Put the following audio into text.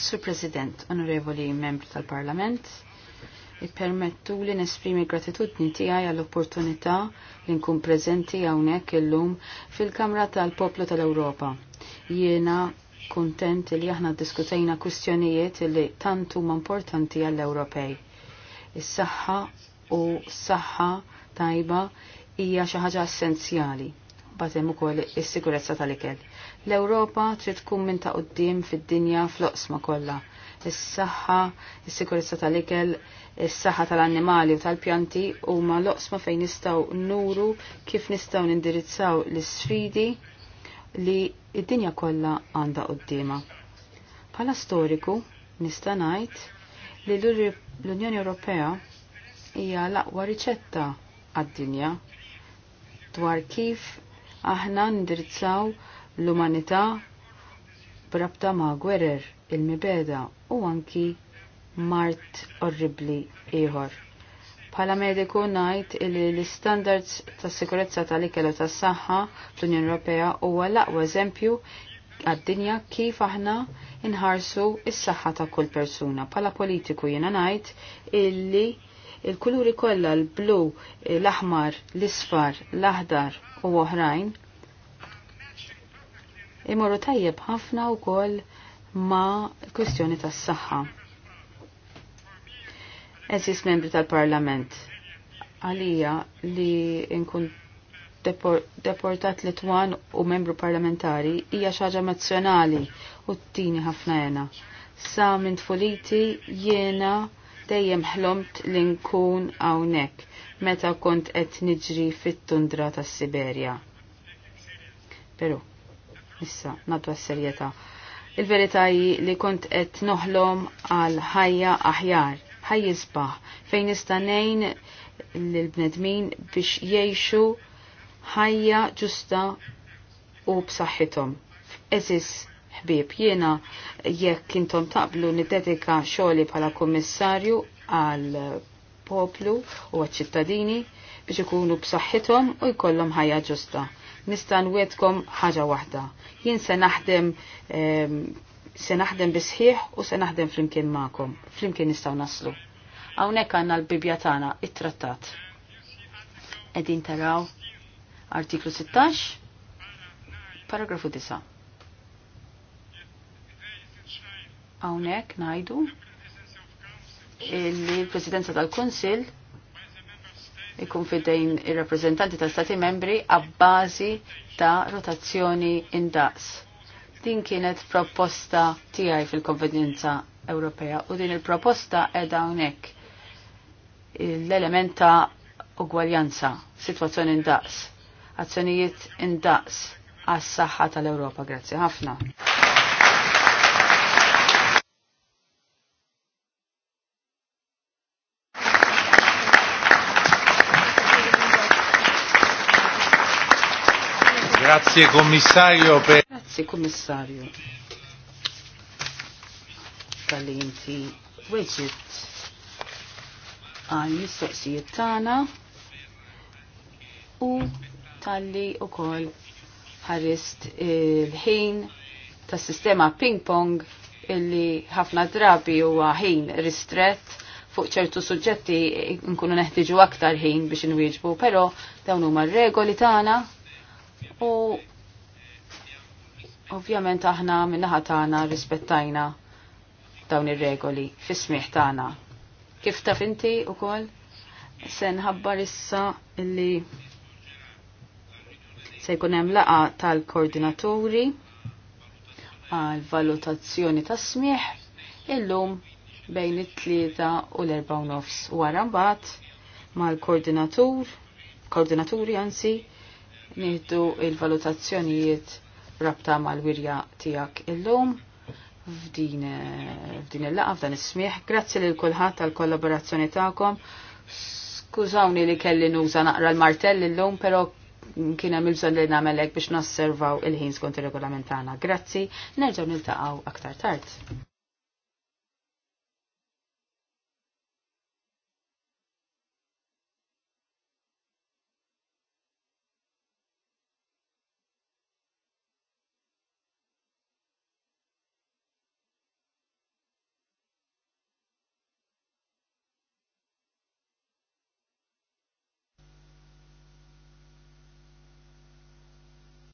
Sur President, onorevoli membri tal-Parlament, ippermettu li nesprimi gratitudni tiegħi għall-opportunità li nkun preżenti hawnhekk illum fil-Kamra tal-Poplu tal-Ewropa. Jiena kuntent li aħna diskutejna kwistjonijiet li tant huma importanti għall-Ewropej. Is-saħħa u s saħħa tajba hija xi ħaġa essenzjali u ukoll is-sigurezza tal-ikel. L-Ewropa trid tkun minn ta' qoddim fid-dinja fl-oqsma kollha. Is-saħħa, is-sigurezza tal-ikel, is-saħħa tal-annimali u tal-pjanti huma l-oqsma fejn nistgħu nuru kif nistgħu nindirizzaw l-isfidi li id-dinja kollha għandha quddiema. Bħala storiku nista' ngħid li l-Unjoni Ewropea hija l-aqwa riċetta għad-dinja dwar kif aħna ndirizzaw l-umanità brabta ma' gwerer il-mibeda u anki mart orribli ieħor. Pala mediku ngħid li l-istandards tas sikurezza tal-ikel u tas-saħħa fl-Unjoni Ewropea huwa l-aqwa eżempju għad-dinja kif aħna inħarsu is-saħħa ta' kull persuna. Pala politiku jiena ngħid illi il-kuluri kollha l-blu, l-aħmar, l-isfar, l-aħdar u oħrajn imorru tajjeb ħafna u kol ma kwestjoni tas saħħa Eżis membri tal-parlament għalija li nkun deportat li Twan u membru parlamentari hija xaġa nazzjonali u t-tini ħafna jena. Sa minn tfuliti jena dejjem ħlomt li nkun hawnhekk meta kont qed niġri fit-tundra tas-Siberja. Però, issa nadwa s-serjetà. Il-verità hi li kont qed noħlom għal ħajja aħjar, ħajja sbaħ, fejn nista' ngħin lill-bnedmin biex jgħixu ħajja ġusta u b'saħħithom. Eżis ħbib jiena jekk intom taqblu niddedika xogħli bħala kummissarju għal poplu u għal ċittadini biex ikunu b'saħħithom u jkollhom ħajja ġusta. Nista' nwietkom ħaġa waħda. Jien se naħdem se naħdem bisħiħ u se naħdem flimkien magħkom. Flimkien nistgħu naslu. Hawnhekk għandna l-Bibja tagħna, it-Trattat. Qegħdin taraw artiklu 16, paragrafu 9 Hawnhekk ngħidu li l-Presidenza tal-Kunsill ikun fidejn ir-rappreżentanti tal-Stati membri għabbażi ta' rotazzjoni indaqs. Din kienet proposta tiegħi fil-Konvenjenza Ewropea u din il-proposta edha hawnhekk l-element ta' ugwaljanza, situazzjoni indaqs, azzjonijiet indaqs għas-saħħa tal-Ewropa. Grazzi ħafna. Grazie Commissario per... Grazie Commissario. Talenti. inti weġit għal mistoqsijiet tagħna u talli li ukoll ħarist il-ħin tas sistema ping-pong illi ħafna drabi huwa ħin ristret fuq ċertu suġġetti nkunu neħtiġu aktar ħin biex nwieġbu, pero dawn huma r-regoli tagħna U ovvjament aħna minnaħa tagħna rispettajna dawn ir-regoli fis-smieħ tagħna. Kif taf inti ukoll se nħabbar issa illi se jkun hemm laqa tal-koordinaturi għal valutazzjoni ta' smieħ illum bejn it-tlieta u l-erba' nofs wara mbagħad mal-koordinatur koordinaturi anzi nieħdu il-valutazzjonijiet rabta mal-wirja tiegħek illum f'din il-laqa, f'dan is-smieħ. Grazzi lil kulħadd tal-kollaborazzjoni tagħkom. Skużawni li kelli nuża naqra l-martell illum, però kien hemm il-bżonn li nagħmel biex nosservaw il-ħin skont ir-regolamentana. Grazzi, nerġgħu niltaqgħu aktar tard.